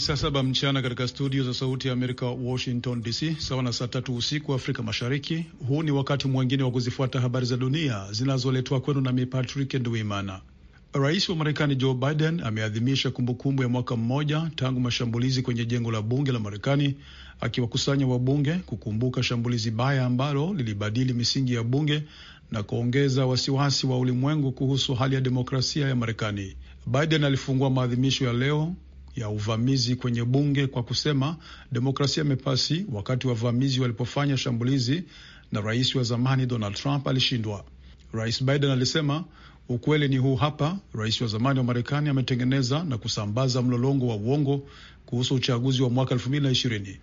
saa saba mchana katika studio za Sauti ya Amerika, Washington DC, sawa na saa tatu usiku Afrika Mashariki. Huu ni wakati mwingine wa kuzifuata habari za dunia zinazoletwa kwenu nami Patrick Nduimana. Rais wa Marekani Joe Biden ameadhimisha kumbukumbu ya mwaka mmoja tangu mashambulizi kwenye jengo la bunge la Marekani, akiwakusanya wabunge kukumbuka shambulizi baya ambalo lilibadili misingi ya bunge na kuongeza wasiwasi wa ulimwengu kuhusu hali ya demokrasia ya Marekani. Biden alifungua maadhimisho ya leo ya uvamizi kwenye bunge kwa kusema demokrasia imepasi wakati wavamizi walipofanya shambulizi na rais wa zamani Donald Trump alishindwa. Rais Biden alisema ukweli ni huu hapa, rais wa zamani wa Marekani ametengeneza na kusambaza mlolongo wa uongo kuhusu uchaguzi wa mwaka 2020.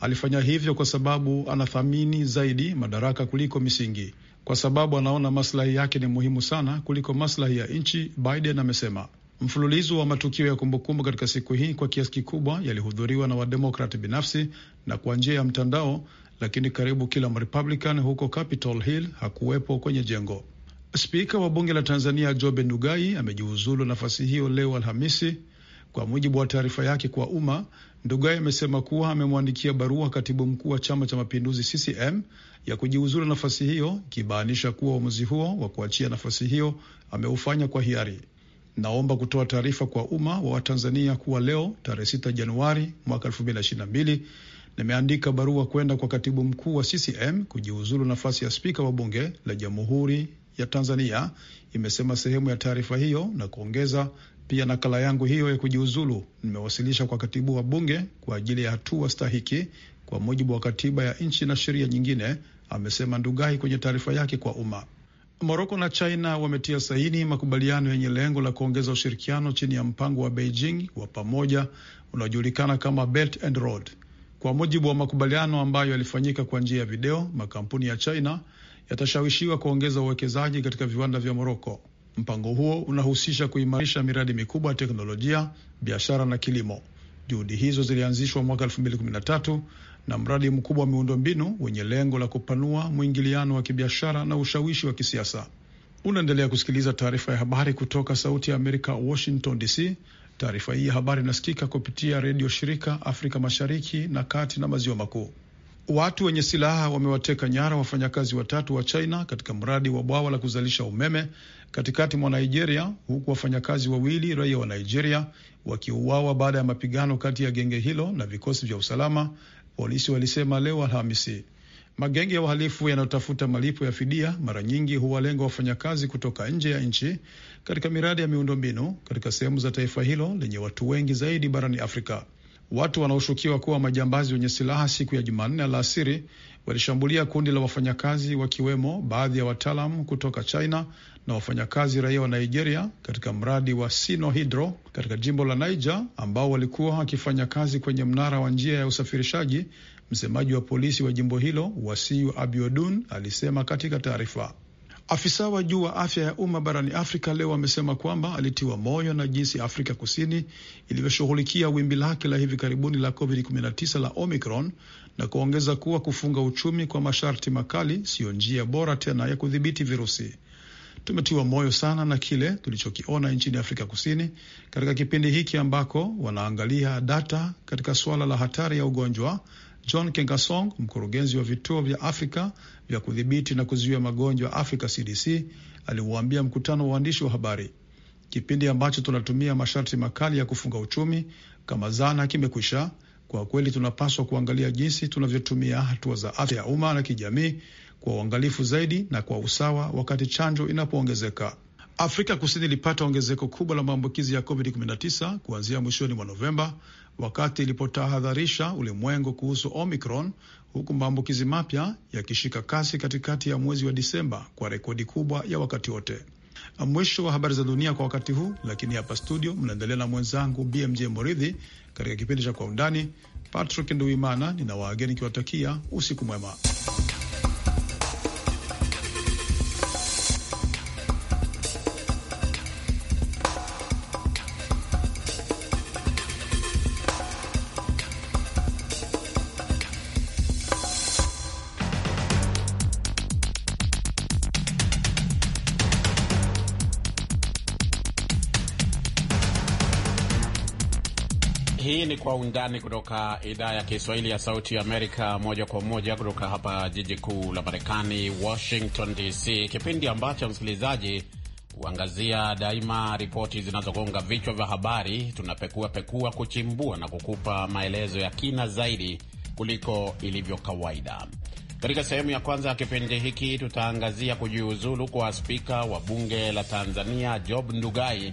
Alifanya hivyo kwa sababu anathamini zaidi madaraka kuliko misingi, kwa sababu anaona maslahi yake ni muhimu sana kuliko maslahi ya nchi, Biden amesema. Mfululizo wa matukio ya kumbukumbu katika siku hii kwa kiasi kikubwa yalihudhuriwa na wademokrati binafsi na kwa njia ya mtandao, lakini karibu kila mrepublican huko Capitol Hill hakuwepo kwenye jengo. Spika wa bunge la Tanzania Jobe Ndugai amejiuzulu nafasi hiyo leo Alhamisi. Kwa mujibu wa taarifa yake kwa umma, Ndugai amesema kuwa amemwandikia barua katibu mkuu wa Chama cha Mapinduzi CCM ya kujiuzulu nafasi hiyo, ikibainisha kuwa uamuzi huo wa kuachia nafasi hiyo ameufanya kwa hiari naomba kutoa taarifa kwa umma wa Watanzania kuwa leo tarehe 6 Januari mwaka 2022 nimeandika barua kwenda kwa katibu mkuu wa CCM kujiuzulu nafasi ya spika wa bunge la Jamhuri ya Tanzania, imesema sehemu ya taarifa hiyo na kuongeza pia nakala yangu hiyo ya kujiuzulu nimewasilisha kwa katibu wa bunge kwa ajili ya hatua stahiki kwa mujibu wa katiba ya nchi na sheria nyingine, amesema Ndugai kwenye taarifa yake kwa umma. Moroko na China wametia saini makubaliano yenye lengo la kuongeza ushirikiano chini ya mpango wa Beijing wa pamoja unaojulikana kama Belt and Road. Kwa mujibu wa makubaliano ambayo yalifanyika kwa njia ya video, makampuni ya China yatashawishiwa kuongeza uwekezaji katika viwanda vya Moroko. Mpango huo unahusisha kuimarisha miradi mikubwa ya teknolojia, biashara na kilimo. Juhudi hizo zilianzishwa mwaka 2013 na mradi mkubwa wa miundombinu wenye lengo la kupanua mwingiliano wa kibiashara na ushawishi wa kisiasa. Unaendelea kusikiliza taarifa ya habari kutoka Sauti ya Amerika, Washington DC. Taarifa hii ya habari inasikika kupitia redio shirika Afrika Mashariki na Kati na Maziwa Makuu. Watu wenye silaha wamewateka nyara wafanyakazi watatu wa China katika mradi wa bwawa la kuzalisha umeme katikati mwa Nigeria, huku wafanyakazi wawili raia wa Nigeria wakiuawa baada ya mapigano kati ya genge hilo na vikosi vya usalama, polisi walisema leo Alhamisi. Magenge ya uhalifu yanayotafuta malipo ya fidia mara nyingi huwalenga wafanyakazi kutoka nje ya nchi katika miradi ya miundombinu katika sehemu za taifa hilo lenye watu wengi zaidi barani Afrika. Watu wanaoshukiwa kuwa majambazi wenye silaha siku ya Jumanne alasiri walishambulia kundi la wafanyakazi wakiwemo baadhi ya wataalam kutoka China na wafanyakazi raia wa Nigeria katika mradi wa sino hidro katika jimbo la Niger ambao walikuwa wakifanya kazi kwenye mnara wa njia ya usafirishaji. Msemaji wa polisi wa jimbo hilo Wasiu Abiodun alisema katika taarifa Afisa wa juu wa afya ya umma barani Afrika leo amesema kwamba alitiwa moyo na jinsi Afrika Kusini ilivyoshughulikia wimbi lake la hivi karibuni la COVID-19 la Omicron na kuongeza kuwa kufunga uchumi kwa masharti makali siyo njia bora tena ya kudhibiti virusi. Tumetiwa moyo sana na kile tulichokiona nchini Afrika Kusini katika kipindi hiki ambako wanaangalia data katika suala la hatari ya ugonjwa John Kengasong, mkurugenzi wa vituo vya Afrika vya kudhibiti na kuzuia magonjwa Afrika CDC, aliuambia mkutano wa waandishi wa habari, kipindi ambacho tunatumia masharti makali ya kufunga uchumi kama zana kimekwisha. Kwa kweli, tunapaswa kuangalia jinsi tunavyotumia hatua za afya ya umma na kijamii kwa uangalifu zaidi na kwa usawa, wakati chanjo inapoongezeka. Afrika Kusini ilipata ongezeko kubwa la maambukizi ya COVID-19 kuanzia mwishoni mwa Novemba wakati ilipotahadharisha ulimwengu kuhusu Omicron, huku maambukizi mapya yakishika kasi katikati ya mwezi wa Disemba kwa rekodi kubwa ya wakati wote. Mwisho wa habari za dunia kwa wakati huu, lakini hapa studio mnaendelea na mwenzangu BMJ Moridhi katika kipindi cha Kwa Undani. Patrick Nduimana ninawaageni waageni kiwatakia usiku mwema. Kwa Undani kutoka idhaa ya Kiswahili ya Sauti Amerika, moja kwa moja kutoka hapa jiji kuu la Marekani, Washington DC, kipindi ambacho msikilizaji huangazia daima ripoti zinazogonga vichwa vya habari. Tunapekua pekua, kuchimbua na kukupa maelezo ya kina zaidi kuliko ilivyo kawaida. Katika sehemu ya kwanza ya kipindi hiki tutaangazia kujiuzulu kwa spika wa bunge la Tanzania Job Ndugai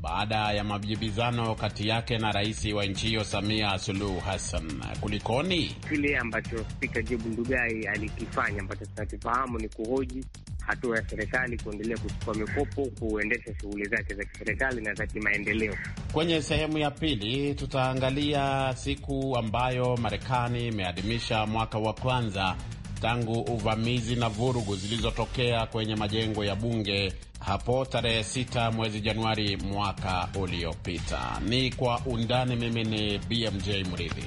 baada ya majibizano kati yake na rais wa nchi hiyo Samia Suluhu Hassan. Kulikoni kile ambacho spika jobu Ndugai alikifanya ambacho tunakifahamu ni kuhoji hatua ya serikali kuendelea kuchukua mikopo kuendesha shughuli zake za kiserikali na za kimaendeleo. Kwenye sehemu ya pili, tutaangalia siku ambayo Marekani imeadhimisha mwaka wa kwanza tangu uvamizi na vurugu zilizotokea kwenye majengo ya bunge hapo tarehe 6 mwezi Januari mwaka uliopita. Ni kwa undani. Mimi ni BMJ Mridhi.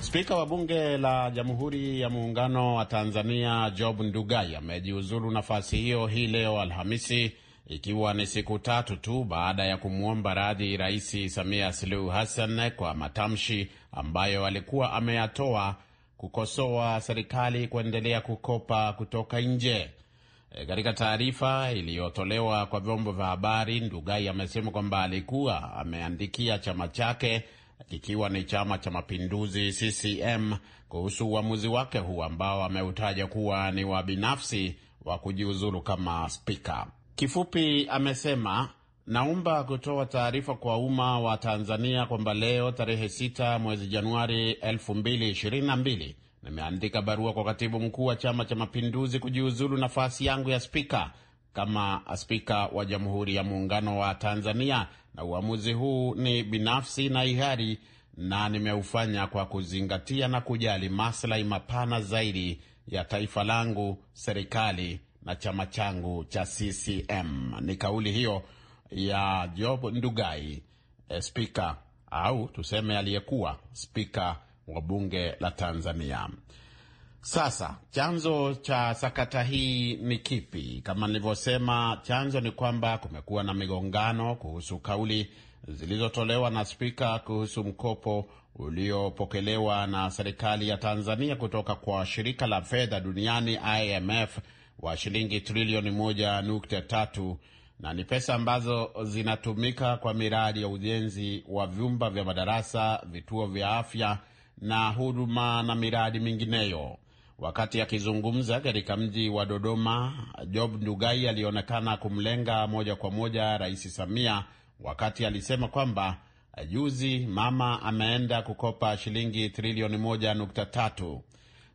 Spika wa bunge la Jamhuri ya Muungano wa Tanzania Job Ndugai amejiuzulu nafasi hiyo hii leo Alhamisi ikiwa ni siku tatu tu baada ya kumwomba radhi Rais Samia Suluhu Hassan kwa matamshi ambayo alikuwa ameyatoa kukosoa serikali kuendelea kukopa kutoka nje. E, katika taarifa iliyotolewa kwa vyombo vya habari, Ndugai amesema kwamba alikuwa ameandikia chama chake kikiwa ni Chama cha Mapinduzi CCM kuhusu uamuzi wake huu ambao ameutaja kuwa ni wa binafsi wa kujiuzulu kama spika. Kifupi amesema naomba kutoa taarifa kwa umma wa Tanzania kwamba leo tarehe 6 mwezi Januari 2022 nimeandika barua kwa katibu mkuu wa Chama cha Mapinduzi kujiuzulu nafasi yangu ya spika kama spika wa Jamhuri ya Muungano wa Tanzania, na uamuzi huu ni binafsi na ihari na nimeufanya kwa kuzingatia na kujali maslahi mapana zaidi ya taifa langu, serikali na chama changu cha CCM. Ni kauli hiyo ya Job Ndugai, eh, spika au tuseme aliyekuwa spika wa bunge la Tanzania. Sasa chanzo cha sakata hii ni kipi? Kama nilivyosema, chanzo ni kwamba kumekuwa na migongano kuhusu kauli zilizotolewa na spika kuhusu mkopo uliopokelewa na serikali ya Tanzania kutoka kwa shirika la fedha duniani IMF wa shilingi trilioni moja nukta tatu na ni pesa ambazo zinatumika kwa miradi ya ujenzi wa vyumba vya madarasa, vituo vya afya na huduma na miradi mingineyo. Wakati akizungumza katika mji wa Dodoma, Job Ndugai alionekana kumlenga moja kwa moja Rais Samia wakati alisema kwamba juzi mama ameenda kukopa shilingi trilioni moja nukta tatu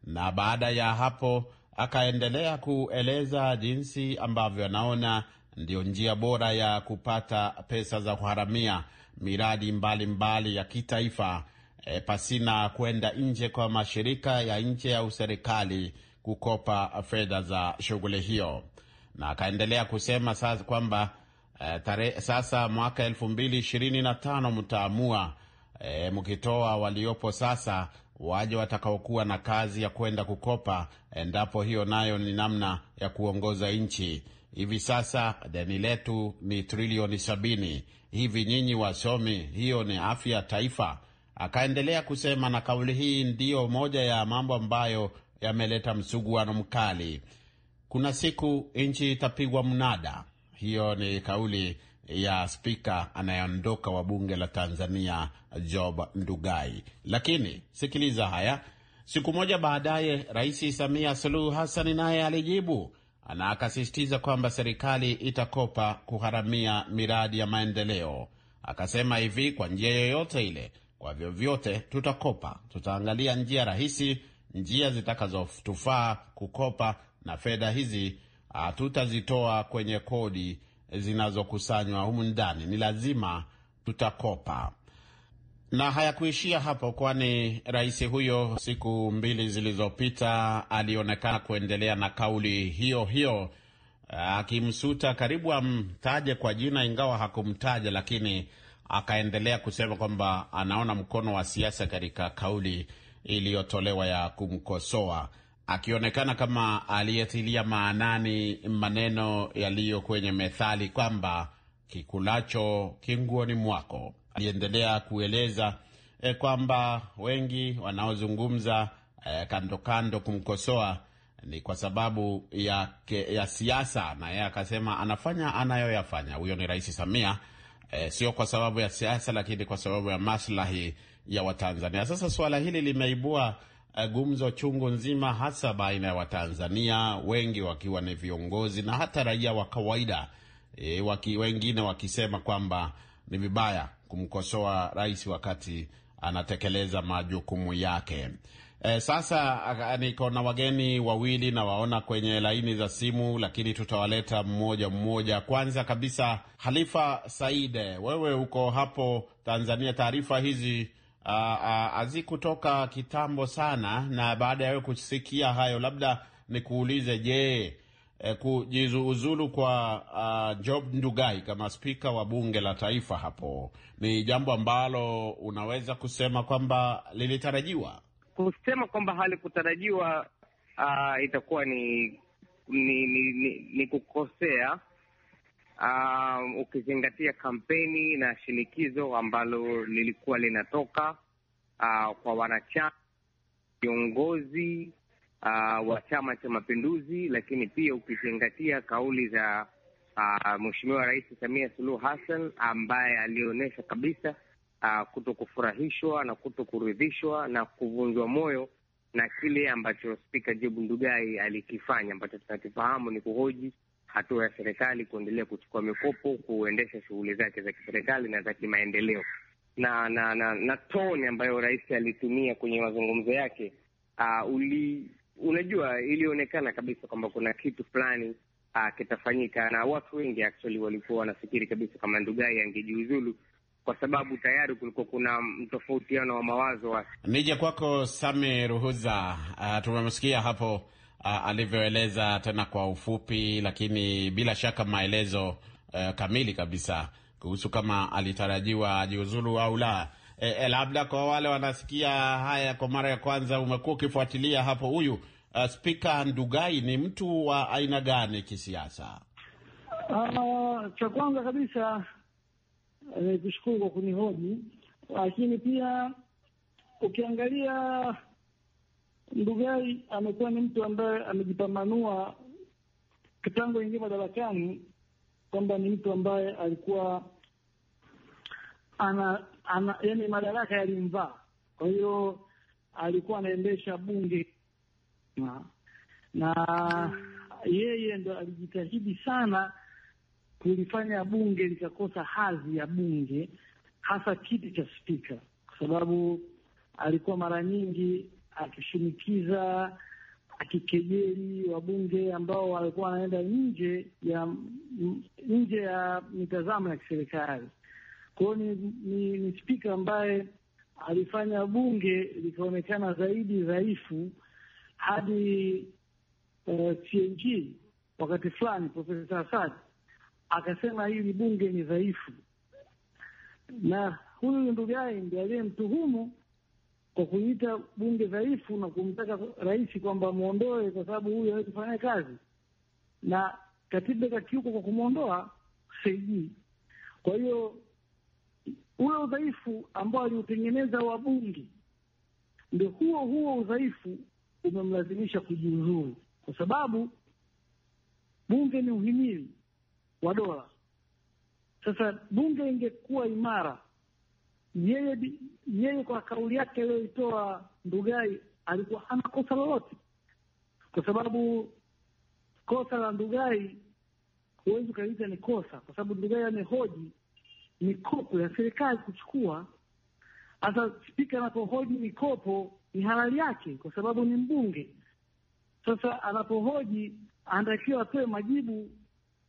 na baada ya hapo Akaendelea kueleza jinsi ambavyo anaona ndiyo njia bora ya kupata pesa za kuharamia miradi mbalimbali mbali ya kitaifa e, pasina kwenda nje kwa mashirika ya nje au serikali kukopa fedha za shughuli hiyo, na akaendelea kusema sasa kwamba e, tare, sasa mwaka elfu mbili ishirini na tano mtaamua e, mkitoa waliopo sasa waje watakaokuwa na kazi ya kwenda kukopa, endapo hiyo nayo ni namna ya kuongoza nchi. Hivi sasa deni letu ni trilioni sabini. Hivi nyinyi wasomi, hiyo ni afya ya taifa? Akaendelea kusema, na kauli hii ndiyo moja ya mambo ambayo yameleta msuguano mkali. Kuna siku nchi itapigwa mnada. Hiyo ni kauli ya spika anayeondoka wa bunge la Tanzania Job Ndugai. Lakini sikiliza haya, siku moja baadaye Rais Samia Suluhu Hassan naye alijibu na akasisitiza kwamba serikali itakopa kuharamia miradi ya maendeleo. Akasema hivi, kwa njia yoyote ile, kwa vyovyote tutakopa, tutaangalia njia rahisi, njia zitakazotufaa kukopa, na fedha hizi hatutazitoa kwenye kodi zinazokusanywa humu ndani, ni lazima tutakopa. Na hayakuishia hapo, kwani rais huyo siku mbili zilizopita alionekana kuendelea na kauli hiyo hiyo akimsuta karibu amtaje kwa jina, ingawa hakumtaja, lakini akaendelea kusema kwamba anaona mkono wa siasa katika kauli iliyotolewa ya kumkosoa akionekana kama aliyetilia maanani maneno yaliyo kwenye methali kwamba kikulacho kinguoni mwako. Aliendelea kueleza e, kwamba wengi wanaozungumza e, kando kando kumkosoa ni kwa sababu ya, ya siasa, na yeye akasema anafanya anayoyafanya, huyo ni Rais Samia e, sio kwa sababu ya siasa, lakini kwa sababu ya maslahi ya Watanzania. Sasa suala hili limeibua Eh, gumzo chungu nzima, hasa baina ya Watanzania wengi wakiwa ni viongozi na hata raia wa kawaida e, waki, wengine wakisema kwamba ni vibaya kumkosoa rais wakati anatekeleza majukumu yake. E, sasa niko na wageni wawili na waona kwenye laini za simu, lakini tutawaleta mmoja mmoja. Kwanza kabisa Halifa Saide, wewe uko hapo Tanzania, taarifa hizi Ah, ah, hazikutoka kitambo sana, na baada ya wewe kusikia hayo, labda nikuulize, je, e, kujiuzulu kwa a, ah, Job Ndugai kama spika wa bunge la taifa hapo ni jambo ambalo unaweza kusema kwamba lilitarajiwa? Kusema kwamba halikutarajiwa, itakuwa ni ni, ni, ni ni kukosea uh, ukizingatia kampeni na shinikizo ambalo lilikuwa linatoka uh, kwa wanachama viongozi uh, wa Chama cha Mapinduzi, lakini pia ukizingatia kauli za uh, Mheshimiwa Rais Samia Suluhu Hassan ambaye alionyesha kabisa uh, kuto kufurahishwa na kuto kuridhishwa na kuvunjwa moyo na kile ambacho Spika Job Ndugai alikifanya ambacho tunakifahamu ni kuhoji hatua ya serikali kuendelea kuchukua mikopo kuendesha shughuli zake za kiserikali na za kimaendeleo, na na na, na toni ambayo rais alitumia kwenye mazungumzo yake uh, uli, unajua ilionekana kabisa kwamba kuna kitu fulani uh, kitafanyika, na watu wengi actually walikuwa wanafikiri kabisa kama Ndugai angejiuzulu kwa sababu tayari kulikuwa kuna mtofautiano wa mawazo. Nije kwako Same Ruhuza, uh, tumemsikia hapo uh, alivyoeleza tena kwa ufupi, lakini bila shaka maelezo uh, kamili kabisa kuhusu kama alitarajiwa ajiuzulu au la. E, e, labda kwa wale wanasikia haya kwa mara ya kwanza, umekuwa ukifuatilia hapo, huyu uh, e, Spika Ndugai ni mtu wa aina gani kisiasa? Uh, cha kwanza kabisa e, nikushukuru uh, kwa kunihoji, lakini pia ukiangalia Ndugai amekuwa ni mtu ambaye amejipambanua tangu aingia madarakani kwamba ni mtu ambaye alikuwa ana, ana yani madaraka yalimvaa. Kwa hiyo alikuwa anaendesha bunge na, na yeye ndo alijitahidi sana kulifanya bunge likakosa hadhi ya bunge, hasa kiti cha spika, kwa sababu alikuwa mara nyingi akishinikiza akikejeli wabunge ambao walikuwa wanaenda nje ya nje ya mitazamo ya kiserikali. Kwa hiyo ni, ni, ni spika ambaye alifanya bunge likaonekana zaidi dhaifu hadi uh, eh, CNG wakati fulani Profesa Asad akasema hili bunge ni dhaifu, na huyu ndugai ndiye aliyemtuhumu kwa kuita bunge dhaifu na kumtaka rais kwamba amwondoe kwa sababu huyu hawezi kufanya kazi, na katiba ikakiuka kwa kumwondoa Seiji. Kwa hiyo ule udhaifu ambao aliutengeneza wabunge ndio huo huo udhaifu umemlazimisha kujiuzuru, kwa sababu bunge ni uhimili wa dola. Sasa bunge ingekuwa imara yeye yeye kwa kauli yake aliyoitoa Ndugai alikuwa hana kosa lolote, kwa sababu kosa la Ndugai huwezi ukaita ni kosa, kwa sababu Ndugai amehoji mikopo ya serikali kuchukua. hasa spika anapohoji mikopo ni halali yake, kwa sababu ni mbunge. Sasa anapohoji anatakiwa atoe majibu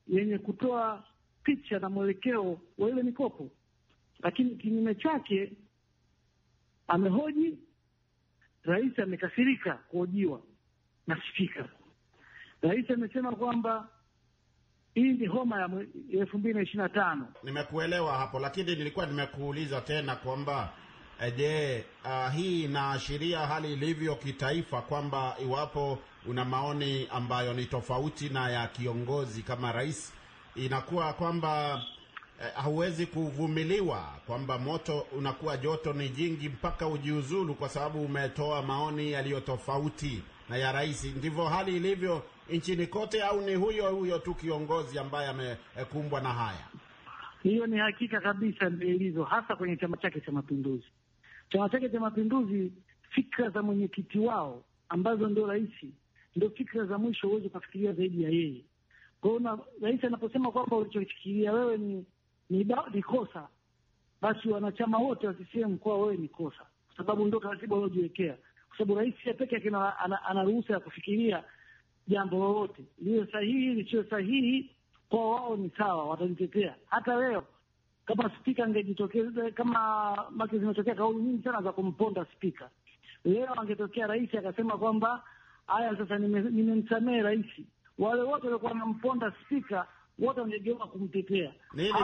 yenye kutoa picha na mwelekeo wa ile mikopo. Lakini kinyume chake amehoji, rais amekasirika kuhojiwa na spika. Rais amesema kwamba hii ni homa ya elfu mbili na ishirini na tano. Nimekuelewa hapo, lakini nilikuwa nimekuuliza tena kwamba eh, je, uh, hii inaashiria hali ilivyo kitaifa kwamba iwapo una maoni ambayo ni tofauti na ya kiongozi kama rais, inakuwa kwamba Eh, hauwezi kuvumiliwa kwamba moto unakuwa joto ni jingi mpaka ujiuzulu, kwa sababu umetoa maoni yaliyo tofauti na ya rais. Ndivyo hali ilivyo nchini kote, au ni huyo huyo tu kiongozi ambaye amekumbwa na haya? Hiyo ni hakika kabisa, ndio ilivyo hasa kwenye chama chake cha Mapinduzi. Chama chake cha Mapinduzi, fikra za mwenyekiti wao ambazo ndio rais, ndio fikra za mwisho, huwezi ukafikiria zaidi ya yeye. Kwa hiyo rais anaposema kwamba ulichofikiria wewe ni ni, ba, ni kosa basi wanachama wote wa CCM kwa wewe ni kosa, kwa sababu ndio taratibu waliojiwekea, kwa sababu rais ya pekee ana ruhusa ya kufikiria jambo lolote, liwe sahihi lisiwe sahihi, kwa wao ni sawa, watajitetea. Hata leo kama spika angejitokeza, kama make zimetokea kauli nyingi sana za kumponda spika, leo angetokea rais akasema kwamba haya sasa, nimemsamehe nime rais, wale wote waliokuwa wanamponda spika wote wangegeuka kumtetea.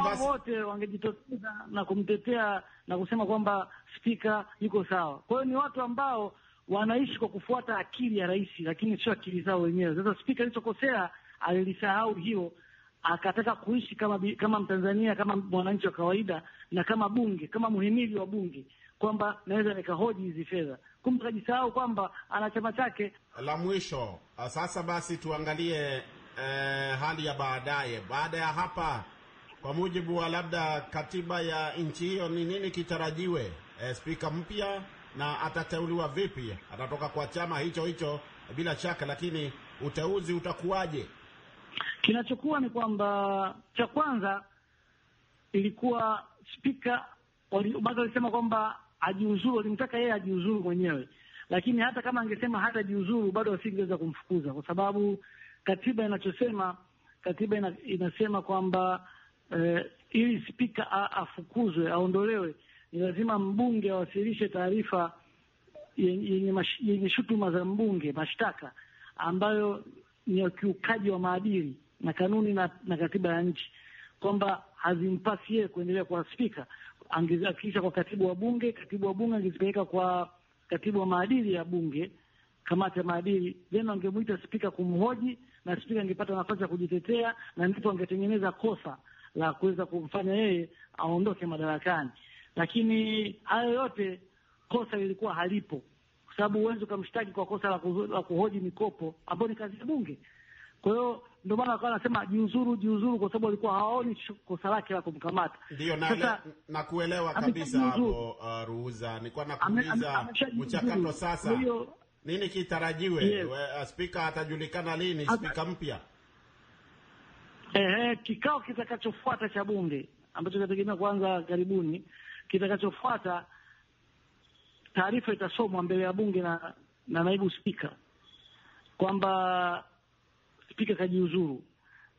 Hao wote wangejitokeza na kumtetea na kusema kwamba spika yuko sawa. Kwa hiyo ni watu ambao wanaishi kwa kufuata akili ya rais, lakini sio akili zao wenyewe. Sasa spika alichokosea, alilisahau hiyo akataka kuishi kama kama Mtanzania, kama mwananchi wa kawaida, na kama bunge, kama muhimili wa bunge, kwamba naweza nikahoji hizi fedha, kumbe akajisahau kwamba ana chama chake. La mwisho sasa, basi tuangalie eh, hali ya baadaye baada ya hapa, kwa mujibu wa labda katiba ya nchi hiyo, ni nini kitarajiwe? Eh, spika mpya na atateuliwa vipi? Atatoka kwa chama hicho hicho bila shaka, lakini uteuzi utakuwaje? Kinachokuwa ni kwamba cha kwanza ilikuwa spika bado alisema kwamba ajiuzuru, walimtaka yeye ajiuzuru mwenyewe, lakini hata kama angesema hata jiuzuru bado wasingeweza kumfukuza kwa sababu katiba inachosema, katiba ina, inasema kwamba eh, ili spika afukuzwe aondolewe ni lazima mbunge awasilishe taarifa yenye, yenye shutuma za mbunge, mashtaka ambayo ni ukiukaji wa maadili na kanuni na, na katiba ya nchi, kwamba hazimpasi yeye kuendelea kwa spika. Angezifikisha kwa katibu wa bunge, katibu wa bunge angezipeleka kwa katibu wa maadili ya bunge, kamati ya maadili, then angemwita spika kumhoji na spika angepata nafasi ya kujitetea, na ndipo angetengeneza kosa la kuweza kumfanya yeye aondoke madarakani. Lakini hayo yote kosa lilikuwa halipo, kwa sababu huwezi ukamshtaki kwa kosa la, kuhu, la kuhoji mikopo ambayo ni kazi ya Bunge. Kwa hiyo ndio maana wakawa anasema jiuzuru, jiuzuru, kwa sababu walikuwa hawaoni kosa lake la kumkamata. Ndio na kuelewa kabisa hapo. Uh, ruhusa nilikuwa nakuuliza mchakato sasa. Ndiyo, nini kitarajiwe? Yes. Uh, spika atajulikana lini Ata... spika mpya? Eh, kikao kitakachofuata cha bunge ambacho kinategemea kwanza karibuni, kitakachofuata taarifa itasomwa mbele ya bunge na, na naibu spika kwamba spika kajiuzuru,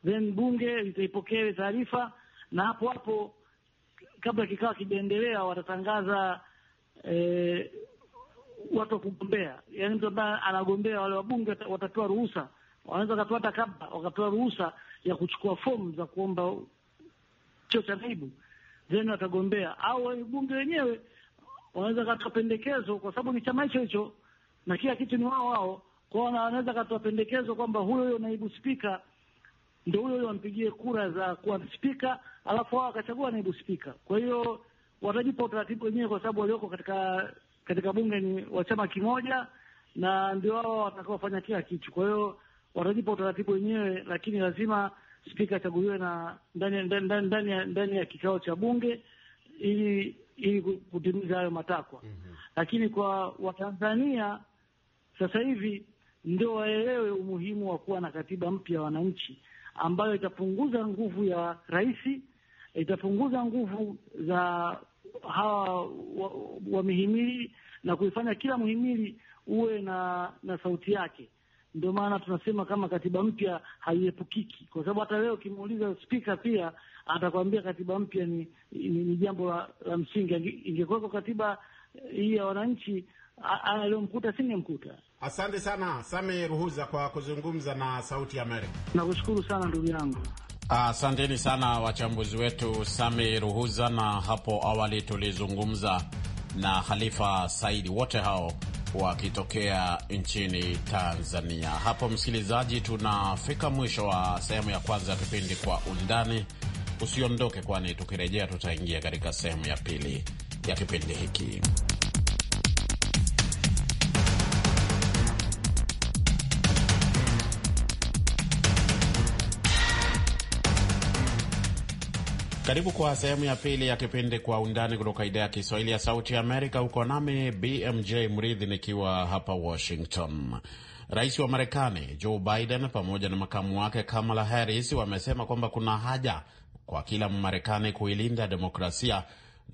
then bunge litaipokea ile taarifa, na hapo hapo kabla kikao kijaendelea watatangaza eh, watu wa kugombea, yaani mtu ambaye anagombea, wale wabunge watapewa ruhusa, wanaweza wakapewa hata kabla, wakatoa ruhusa ya kuchukua fomu za kuomba cheo cha naibu, then watagombea. Au wabunge wenyewe wanaweza wakatoa pendekezo, kwa sababu ni chama hicho hicho na kila kitu ni wao wao, kwao wanaweza wakatoa pendekezo kwamba huyo huyo naibu spika ndo huyo huyo wampigie kura za kuwa spika, alafu wao wakachagua naibu spika. Kwa hiyo watajipa utaratibu wenyewe, kwa sababu walioko katika katika bunge ni wa chama kimoja, na ndio wao watakaofanya kila kitu. Kwa hiyo watajipa utaratibu wenyewe, lakini lazima spika achaguliwe na ndani ndani ndani ndani ya kikao cha bunge ili ili kutimiza hayo matakwa. mm -hmm. Lakini kwa Watanzania sasa hivi ndio waelewe umuhimu wa kuwa na katiba mpya ya wananchi ambayo itapunguza nguvu ya rais, itapunguza nguvu za hawa wamihimili wa na kuifanya kila muhimili uwe na na sauti yake. Ndio maana tunasema kama katiba mpya haiepukiki, kwa sababu hata leo ukimuuliza spika pia atakwambia katiba mpya ni, ni, ni jambo la, la msingi. Ingekuweko katiba hii ya wananchi aliyomkuta singemkuta. Asante sana Same Ruhuza kwa kuzungumza na Sauti ya Amerika. Nakushukuru sana ndugu yangu. Asanteni uh, sana wachambuzi wetu Sami Ruhuza, na hapo awali tulizungumza na Khalifa Saidi, wote hao wakitokea nchini Tanzania. Hapo msikilizaji, tunafika mwisho wa sehemu ya kwanza ya kipindi Kwa Undani. Usiondoke, kwani tukirejea tutaingia katika sehemu ya pili ya kipindi hiki. Karibu kwa sehemu ya pili ya kipindi Kwa Undani kutoka idhaa ya Kiswahili ya Sauti ya Amerika. Huko nami BMJ Mridhi nikiwa hapa Washington. Rais wa Marekani Joe Biden pamoja na makamu wake Kamala Harris wamesema kwamba kuna haja kwa kila Mmarekani kuilinda demokrasia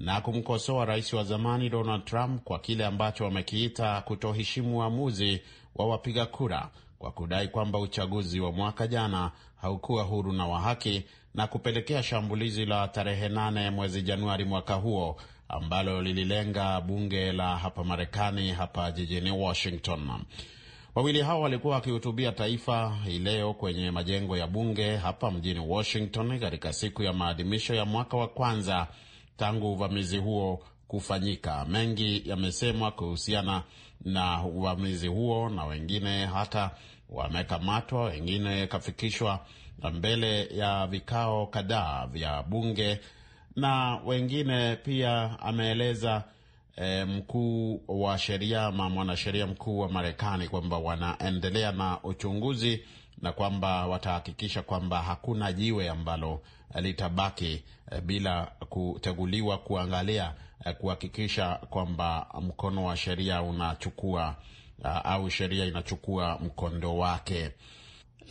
na kumkosoa rais wa zamani Donald Trump kwa kile ambacho wamekiita kutoheshimu uamuzi wa wapiga kura kwa kudai kwamba uchaguzi wa mwaka jana haukuwa huru na wa haki na kupelekea shambulizi la tarehe 8 mwezi Januari mwaka huo ambalo lililenga bunge la hapa Marekani hapa jijini Washington. Wawili hao walikuwa wakihutubia taifa hii leo kwenye majengo ya bunge hapa mjini Washington katika siku ya maadhimisho ya mwaka wa kwanza tangu uvamizi huo kufanyika. Mengi yamesemwa kuhusiana na uvamizi huo, na wengine hata wamekamatwa, wengine kafikishwa na mbele ya vikao kadhaa vya bunge na wengine pia, ameeleza e, mkuu wa sheria ama mwanasheria mkuu wa Marekani kwamba wanaendelea na uchunguzi na kwamba watahakikisha kwamba hakuna jiwe ambalo litabaki e, bila kuteguliwa kuangalia e, kuhakikisha kwamba mkono wa sheria unachukua a, au sheria inachukua mkondo wake.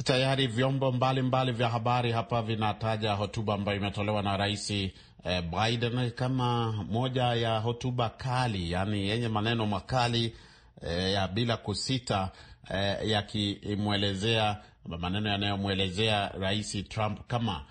Tayari vyombo mbalimbali mbali vya habari hapa vinataja hotuba ambayo imetolewa na Rais eh, Biden kama moja ya hotuba kali, yani yenye maneno makali eh, ya bila kusita eh, yakimwelezea maneno yanayomwelezea Rais Trump kama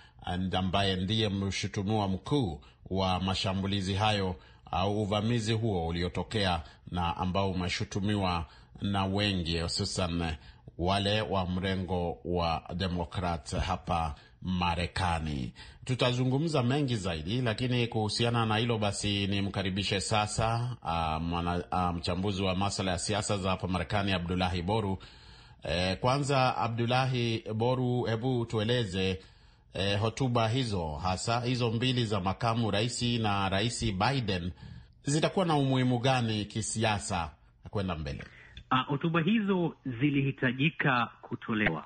ambaye ndiye mshutumiwa mkuu wa mashambulizi hayo au uvamizi huo uliotokea na ambao umeshutumiwa na wengi hususan wale wa mrengo wa Demokrat hapa Marekani. Tutazungumza mengi zaidi, lakini kuhusiana na hilo basi, nimkaribishe sasa ah, ah, mchambuzi um, um, wa masuala ya siasa za hapa Marekani, Abdulahi Boru. E, kwanza Abdulahi Boru, hebu tueleze e, hotuba hizo hasa hizo mbili za makamu raisi na rais Biden zitakuwa na umuhimu gani kisiasa kwenda mbele? Ah, hotuba uh, hizo zilihitajika kutolewa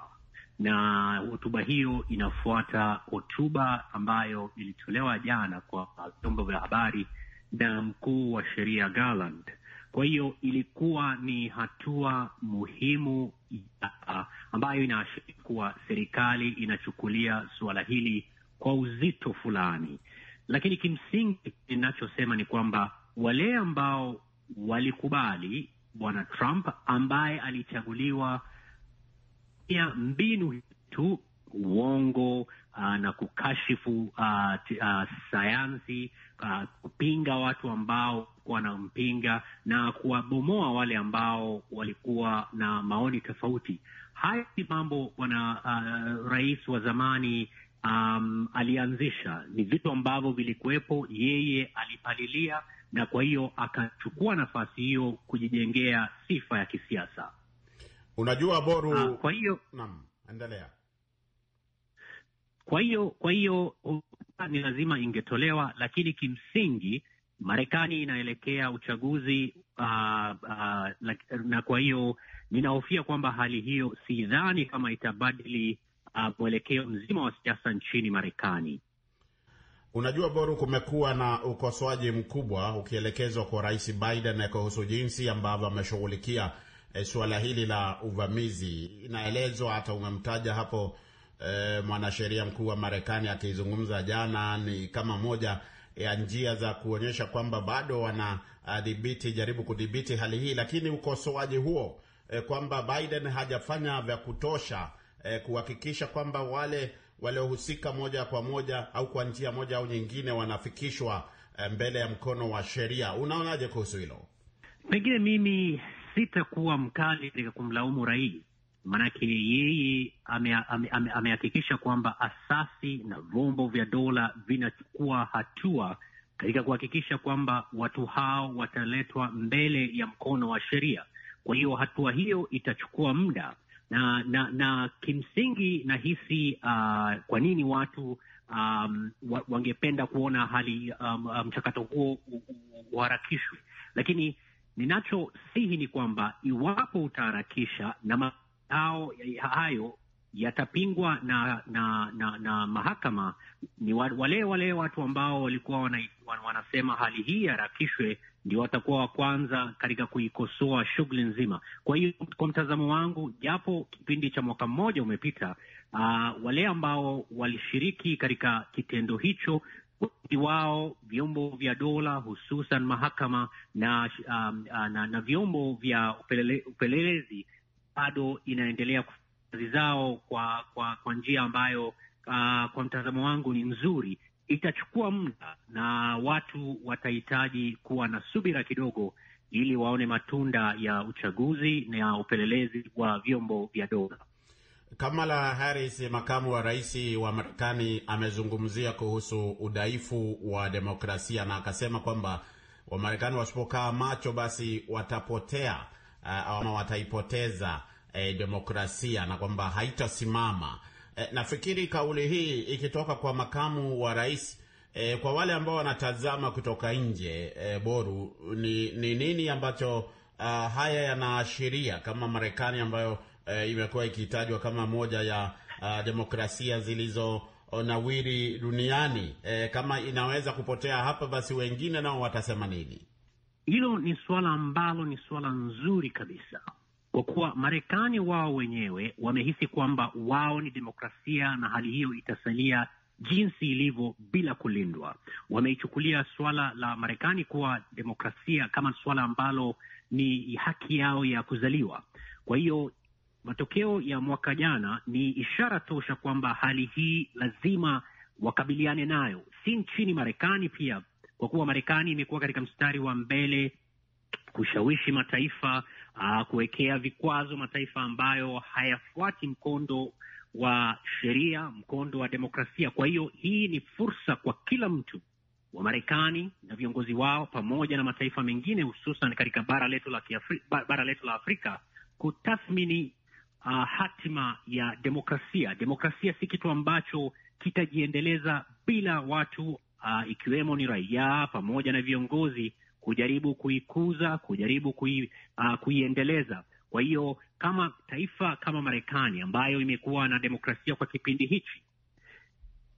na hotuba hiyo inafuata hotuba ambayo ilitolewa jana kwa vyombo vya habari na mkuu wa sheria Garland. Kwa hiyo ilikuwa ni hatua muhimu ya, ah, ambayo inaashiria kuwa serikali inachukulia suala hili kwa uzito fulani, lakini kimsingi inachosema ni kwamba wale ambao walikubali Bwana Trump ambaye alichaguliwa ya mbinu tu uongo uh, na kukashifu uh, ah, t, ah, sayansi uh, kupinga watu ambao wanampinga na kuwabomoa wale ambao walikuwa na maoni tofauti. Haya ni mambo bwana rais wa zamani um, alianzisha. Ni vitu ambavyo vilikuwepo, yeye alipalilia na kwa hiyo akachukua nafasi hiyo kujijengea sifa ya kisiasa. Unajua Boru ha, ah, kwa hiyo naam, endelea. Kwa hiyo kwa hiyo uh, ni lazima ingetolewa, lakini kimsingi Marekani inaelekea uchaguzi uh, uh, na kwa hiyo ninahofia kwamba hali hiyo, sidhani kama itabadili uh, mwelekeo mzima wa siasa nchini Marekani. Unajua Boru, kumekuwa na ukosoaji mkubwa ukielekezwa kwa Rais Biden kuhusu jinsi ambavyo ameshughulikia e, suala hili la uvamizi. Inaelezwa hata umemtaja hapo e, mwanasheria mkuu wa Marekani akizungumza jana, ni kama moja ya njia za kuonyesha kwamba bado wanadhibiti, jaribu kudhibiti hali hii, lakini ukosoaji huo e, kwamba Biden hajafanya vya kutosha e, kuhakikisha kwamba wale waliohusika moja kwa moja au kwa njia moja au nyingine wanafikishwa eh, mbele ya mkono wa sheria. Unaonaje kuhusu hilo? Pengine mimi sitakuwa mkali katika kumlaumu rais, maanake yeye amehakikisha ame, ame, ame kwamba asasi na vyombo vya dola vinachukua hatua katika kuhakikisha kwamba watu hao wataletwa mbele ya mkono wa sheria. Kwa hiyo hatua hiyo itachukua muda, na, na, na kimsingi nahisi uh, kwa nini watu um, wa, wangependa kuona hali um, uh, mchakato um, um, huo uharakishwe, lakini ninachosihi ni kwamba iwapo utaharakisha na mao hayo yatapingwa na na, na na mahakama ni wale wale watu ambao walikuwa wana, wanasema hali hii harakishwe, ndio watakuwa wa kwanza katika kuikosoa shughuli nzima. Kwa hiyo kwa mtazamo wangu, japo kipindi cha mwaka mmoja umepita, uh, wale ambao walishiriki katika kitendo hicho wengi wao vyombo vya dola hususan mahakama na, um, na, na vyombo vya upelele, upelelezi bado inaendelea kazi zao kwa kwa kwa njia ambayo uh, kwa mtazamo wangu ni nzuri. Itachukua muda na watu watahitaji kuwa na subira kidogo, ili waone matunda ya uchaguzi na upelelezi wa vyombo vya dola. Kamala Harris, makamu wa rais wa Marekani, amezungumzia kuhusu udhaifu wa demokrasia na akasema kwamba Wamarekani wasipokaa macho basi watapotea ah, ama wataipoteza e, demokrasia na kwamba haitasimama. E, nafikiri kauli hii ikitoka kwa makamu wa rais e, kwa wale ambao wanatazama kutoka nje e, Boru, ni, ni nini ambacho uh, haya yanaashiria kama Marekani ambayo e, imekuwa ikitajwa kama moja ya uh, demokrasia zilizo oh, nawiri duniani e, kama inaweza kupotea hapa, basi wengine nao watasema nini? Hilo ni suala ambalo ni suala nzuri kabisa, kwa kuwa Marekani wao wenyewe wamehisi kwamba wao ni demokrasia na hali hiyo itasalia jinsi ilivyo bila kulindwa. Wameichukulia suala la Marekani kuwa demokrasia kama suala ambalo ni haki yao ya kuzaliwa. Kwa hiyo matokeo ya mwaka jana ni ishara tosha kwamba hali hii lazima wakabiliane nayo, si nchini Marekani pia, kwa kuwa Marekani imekuwa katika mstari wa mbele kushawishi mataifa Ah, kuwekea vikwazo mataifa ambayo hayafuati mkondo wa sheria, mkondo wa demokrasia. Kwa hiyo hii ni fursa kwa kila mtu wa Marekani na viongozi wao pamoja na mataifa mengine hususan katika bara letu la bara letu la Afrika kutathmini uh, hatima ya demokrasia. Demokrasia si kitu ambacho kitajiendeleza bila watu uh, ikiwemo ni raia pamoja na viongozi kujaribu kuikuza, kujaribu kui, uh, kuiendeleza. Kwa hiyo kama taifa kama Marekani ambayo imekuwa na demokrasia kwa kipindi hichi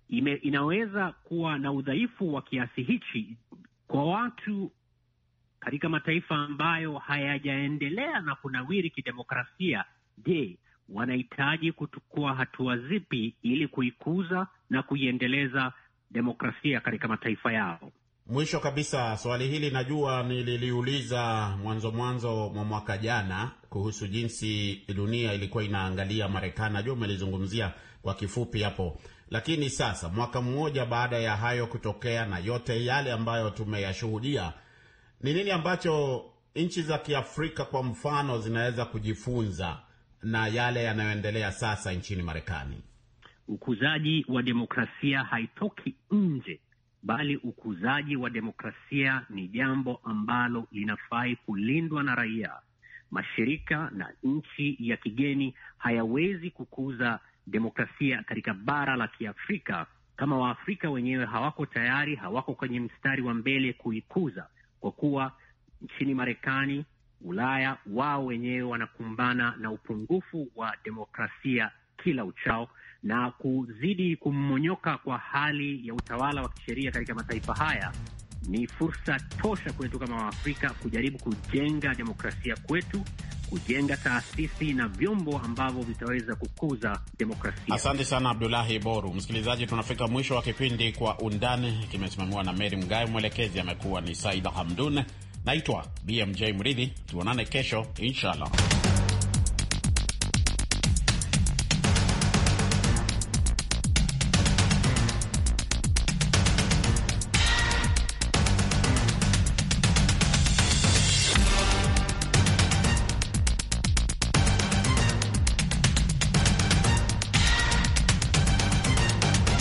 ime, inaweza kuwa na udhaifu wa kiasi hichi kwa watu katika mataifa ambayo hayajaendelea na kunawiri kidemokrasia. Je, wanahitaji kuchukua hatua zipi ili kuikuza na kuiendeleza demokrasia katika mataifa yao? Mwisho kabisa, swali hili najua nililiuliza mwanzo mwanzo mwa mwaka jana kuhusu jinsi dunia ilikuwa inaangalia Marekani. Najua umelizungumzia kwa kifupi hapo, lakini sasa mwaka mmoja baada ya hayo kutokea na yote yale ambayo tumeyashuhudia, ni nini ambacho nchi za Kiafrika kwa mfano zinaweza kujifunza na yale yanayoendelea sasa nchini Marekani? Ukuzaji wa demokrasia haitoki nje bali ukuzaji wa demokrasia ni jambo ambalo linafai kulindwa na raia. Mashirika na nchi ya kigeni hayawezi kukuza demokrasia katika bara la Kiafrika kama Waafrika wenyewe hawako tayari, hawako kwenye mstari wa mbele kuikuza, kwa kuwa nchini Marekani, Ulaya, wao wenyewe wanakumbana na upungufu wa demokrasia kila uchao na kuzidi kumonyoka kwa hali ya utawala wa kisheria katika mataifa haya ni fursa tosha kwetu kama Waafrika kujaribu kujenga demokrasia kwetu, kujenga taasisi na vyombo ambavyo vitaweza kukuza demokrasia. Asante sana Abdulahi Boru. Msikilizaji, tunafika mwisho wa kipindi Kwa Undani. Kimesimamiwa na Meri Mgayo, mwelekezi amekuwa ni Saida Hamdun. Naitwa BMJ Mridhi, tuonane kesho inshallah.